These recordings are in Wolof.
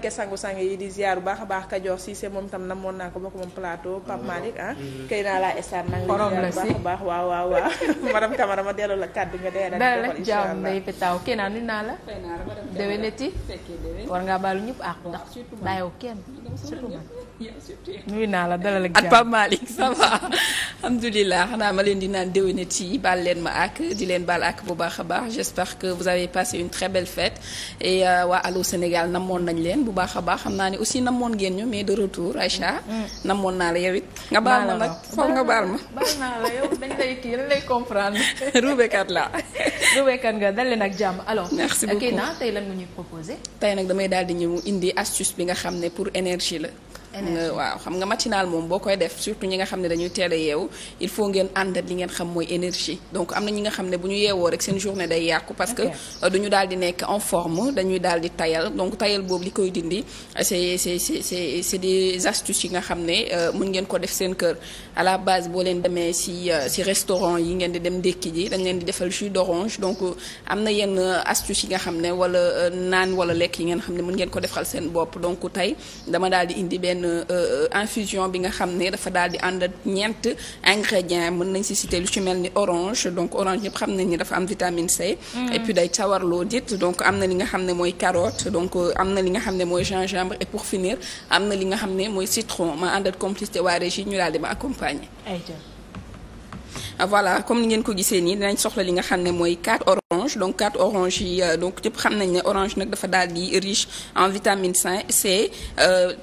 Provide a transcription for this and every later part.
ke sangu-sang yi di ziar bu baax a baax Kajoor Cissé moom tam namoon naa ko bokk moom plateau Pape Malick ah këy mm-hmm. naa laa estar nag baax a baax waaw ma delloo la kàddu nga dee dal rek jàmm day pétaw këy naa nuyu naa la déwéneti war ngaa baalu ñëpp ak ndax bàyyoo kenn surtout nuyu naa la dalal ak Pape Malick ça va alhamdulilah xanaa ma leen di naan déwénat yi baal leen ma ak di leen baal ak bu baax a baax j'espère que vous avez passé une très belle fête et euh, waa Allô Sénégal namoon nañ leen bu baax a baax xam naa ne aussi namoon ngeen ñu mais de retour Aïcha. Mm. namoon naa la yow nga baal ma nag foog nga baal ma. baal la yow nga dal leen ak jàmm alors. merci beaucoup Keina tey lan nga tey nag damay daal di ñëw indi astuce bi nga xam ne pour énergie la. waaw xam nga matinal moom boo koy def surtout ñi nga xam ne dañuy teel a yeewu il faut ngeen ànd li ngeen xam mooy énergie donc am na ñi nga xam ne bu ñu yeewoo rek seen journée day yàqu parce que euh, duñu daal di nekk forme dañuy daal di donc tayal boobu li koy dindi c'est c'est c'est c'est yi nga xam ne euh, mën ngeen ko def seen kër à la base boo leen demee ci ci euh, restaurant yi ngeen di dem ndékki ji dañ leen di defal jus d'orange donc am na yenn astuce yi nga xam ne wala naan wala lekk yi ngeen xam ne mun ngeen ko defal seen bopp donc tey dama daal indi benn benn euh, infusion bi nga xam ne dafa daal di ànd ak ñeent ingrédients mën nañ si citer lu ci mel ni orange donc orange ñëpp xam nañ ni dafa am vitamine C. Mm. et puis day sawarloo dit donc am na li nga xam ne mooy carotte donc euh, am na li nga xam ne mooy gingembre et pour finir am na li nga xam ne mooy citron ma ànd ak complicité waa régie ñu daal di ma accompagner. Ah, voilà comme ni ngeen ko gisee nii dinañ soxla li nga xam ne mooy quatre orange donc carte orange yi euh, donc ñëpp xam nañ ne orange nag dafa daal di riche en vitamine C euh,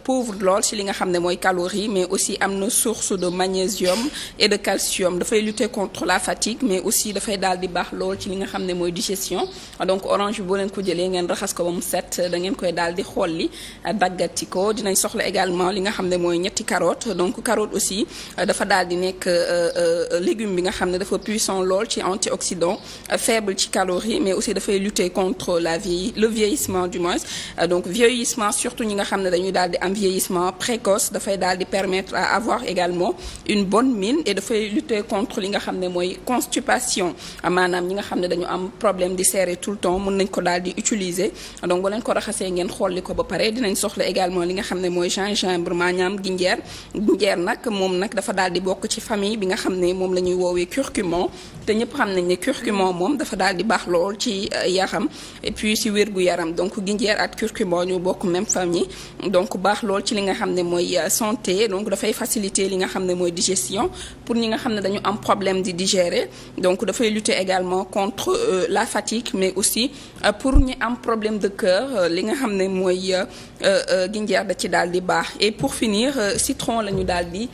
lool ci li nga xam ne mooy calories mais aussi am na source de magnésium et de calcium dafay lutter contre la fatigue mais aussi dafay daal di baax lool li nga xam ne mooy digestion donc orange bi boo leen ko jëlee ngeen raxas ko ba mu set da ngeen koy daal di xolli euh, daggati ko dinañ soxla également li nga xam ne mooy ñetti carotte donc carotte aussi euh, dafa daal di nekk légume bi nga xam ne dafa puissant lool ci antioxydant faible ci calories mais aussi dafay lutter contre la vieille le vieillissement du moins euh, donc vieillissement surtout ñi nga xam ne dañuy daal di am vieillissement précoce dafay daal di permettre à avoir également une bonne mine et dafay lutter contre li nga xam ne mooy constipation euh, maanaam ñi nga xam ne dañu am problème di serrer tout le temps mun nañ ko daal di utiliser donc bu leen ko raxasee ngeen xolli ko ba pare dinañ soxla également li nga xam ne mooy gingembre maanaam ginjeer ginjeer nag moom nag dafa daal di bokk ci famille bi nga xam ne moom la ñuy woowee curcuma te ñëpp xam nañ ne curcuma moom dafa daal di baax lool ci euh, yaram et puis si wér gu yaram donc ginjeer ak curcuma ñu bokk même famille donc baax lool ci li nga xam ne mooy euh, santé donc dafay faciliter li nga xam ne mooy digestion pour ñi nga xam ne dañu am problème di digérer donc dafay lutter également contre euh, la fatigue mais aussi pour ñi am problème de cœur li nga xam ne mooy ginjeer da ci daal di baax et pour finir citron la ñu daal di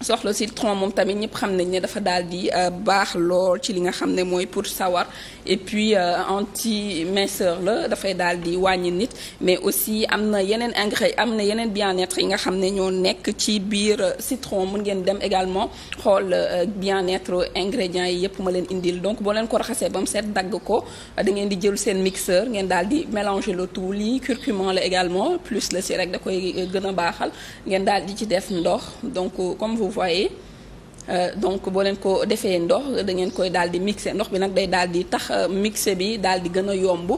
soxla citron moom tamit ñëpp xam nañ ne dafa daal di euh, baax lool ci li nga xam ne mooy pour sawar et puis euh, anti minceur la dafay daal di wàññi nit mais aussi am na yeneen engrais am na yeneen bien-être yi nga xam ne ñoo nekk ci biir euh, citron mun ngeen dem également xool bien-être ingrédients yi yëpp ma leen indil donc boo leen ko raxasee ba mu set dagg ko da ngeen di jël seen mixeur ngeen daal di mélanger le tout lii curcuma la également plus la si rek da koy gën a baaxal ngeen daal di ci def ndox vous voyez euh, donc boo leen ko defee ndox da ngeen koy daal di mixer ndox bi nag day daal di tax euh, mixer bi daal di gën a yomb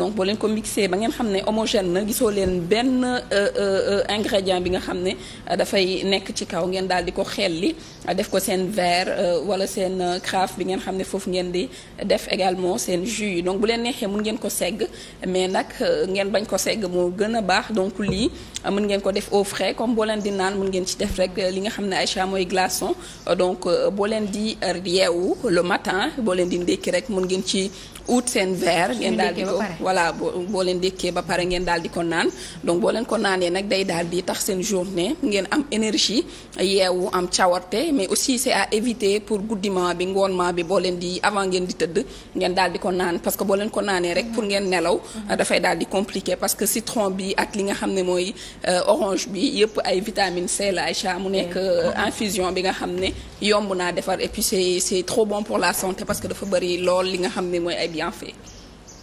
donc boo leen ko mixer ba ngeen xam ne homogène na gisoo leen benn euh, ingrédient bi nga xam ne dafay nekk ci kaw ngeen daal di ko xelli def ko seen verre euh, wala seen euh, carafe bi ngeen xam ne foofu ngeen di def également seen jus donc bu leen neexee mun ngeen ko segg mais nag euh, ngeen bañ ko segg moo gën a baax donc lii mun ngeen ko def au frais comme boo leen di naan mun ngeen ci def rek li nga xam ne Aïcha mooy glaçon donc boo leen di yeewu le matin boo leen di ndékki rek mun ngeen ci ut seen verre ngeen daal di ko voilà boo leen dékkee ba pare ngeen daal di ko naan donc boo leen ko naanee nag day daal di tax seen journée ngeen am énergie yeewu am cawarte mais aussi c'est à éviter pour guddiment bi ngoon ma bi boo leen di avant ngeen di tëdd ngeen daal di ko naan parce que boo leen ko naanee rek pour ngeen nelaw mhm. dafay daal di compliqué parce que citron bi ak li nga xam ne mooy euh, orange bi yëpp ay vitamine C la Aïcha mu nekk euh, infusion bi nga xam ne yomb naa defar et puis c'est trop bon pour la santé parce que dafa bëri lool li nga xam ne mooy ay bienfaits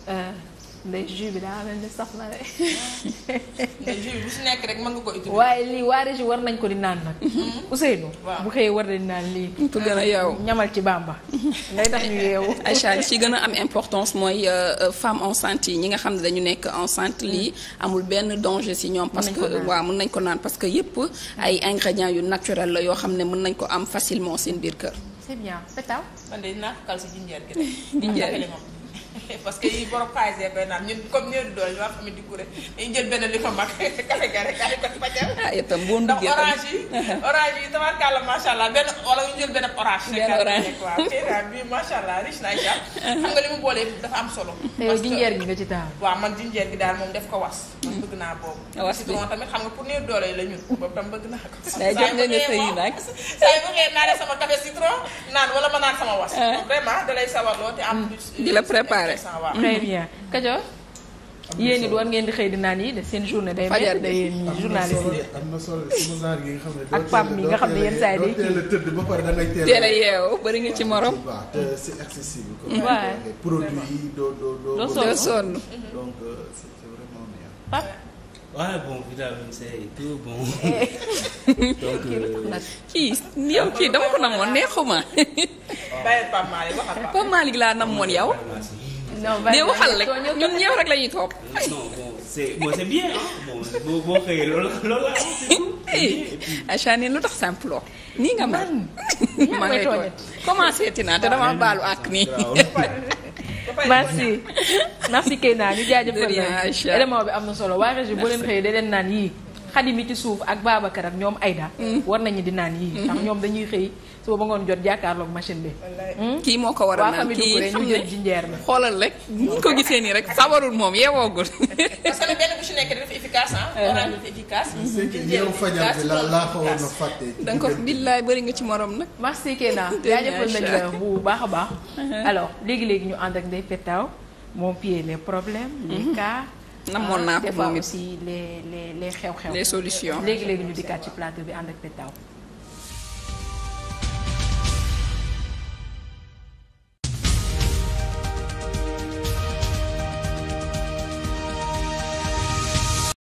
euh, ndey jus bi daa mel ni sax na de. ndey jus nga ko waaye lii waa région war nañ ko di naan nag. Mhm. Ousseynou. bu xëyee war nañ naan lii. pour gën a yeewu ñamal ci bamba. ngay tax ñu yeewu. Aïcha li ci gën a am importance mooy euh, euh, femme enceinte yi ñi nga xam ne dañu nekk enceinte lii mhm. amul benn danger si ñoom. parce que waaw mën nañ ko naan parce que yëpp mhm. ay ingrédients yu naturel la yoo xam ne mën nañ ko am facilement seen biir kër. c'est bien. man parce que yi borom xaalis yi koy naan ñun comme ñoo di doole ñu waa famille di Coure dañu jël benn yi. Ah, orange yi tabarkàlla mm. bëgg naa boobu. was bi tamit xam nga pour néew doole yi la ñun boobu tam bëgg naa ko. saa jox nga nga sëyi sama café citron naan wala ma naan sama was. Ah. vraiment da lay sawarloo te am mm. di la euh, préparé préparé. très bien Kajo. yéen it war ngeen di xëy di naan yi de seen journée day. fajar day yéen ñii journaliste yi am na ak Pape mi nga xam ne yenn saa yi day tëdd yeewu bari nga ci morom. waaw te c'est accessible. waaw produit yi doo doo doo. doo sonn donc euh, c'est vraiment bien. Pape. waaw bon vitamine C et tout eh. euh, kii dama ko namoon neexuma. bàyyi Pape Malick waxal Pape Malick laa mais waxal rek ñun ñëw rek la ñuy topp. non bon c'est bon c'est bien bon boo boo xëyee loolu loolu la Achane lu tax simple nii nga mel. maa ngi lay tooñ commencé tina te dama ah, baalu ak nii. merci merci Keina ñu jaajëfal na élément bi am na solo waa région boo leen xëyee da leen naan yii. xadi mi ci suuf ak Babacar ak ñoom Aïda mm. war nañu di naan yii ndax ñoom dañuy xëy suba ba ngoon jot jàkkaarloog machine bi mm? kii moo ko war a naan kii xam ne jinjeer na ko gisee nii rek sawarul moom yeewoogul parce que bu nekk dafa efficace ah uh-huh. orange dafa efficace yow fajar la laa nga ko billaay bëri nga ci morom nag merci Kéna jaajëfal bu baax a baax uh-huh. alors léegi-léegi ñu ànd ak Ndeye Pétaw moom pied les problèmes les mm-hmm. cas na moon naa ko ah, moom it des fois aussi les les les xew-xew. les solutions léegi léegi ñu dikkaat ci plateau bi ànd ak Pétaw.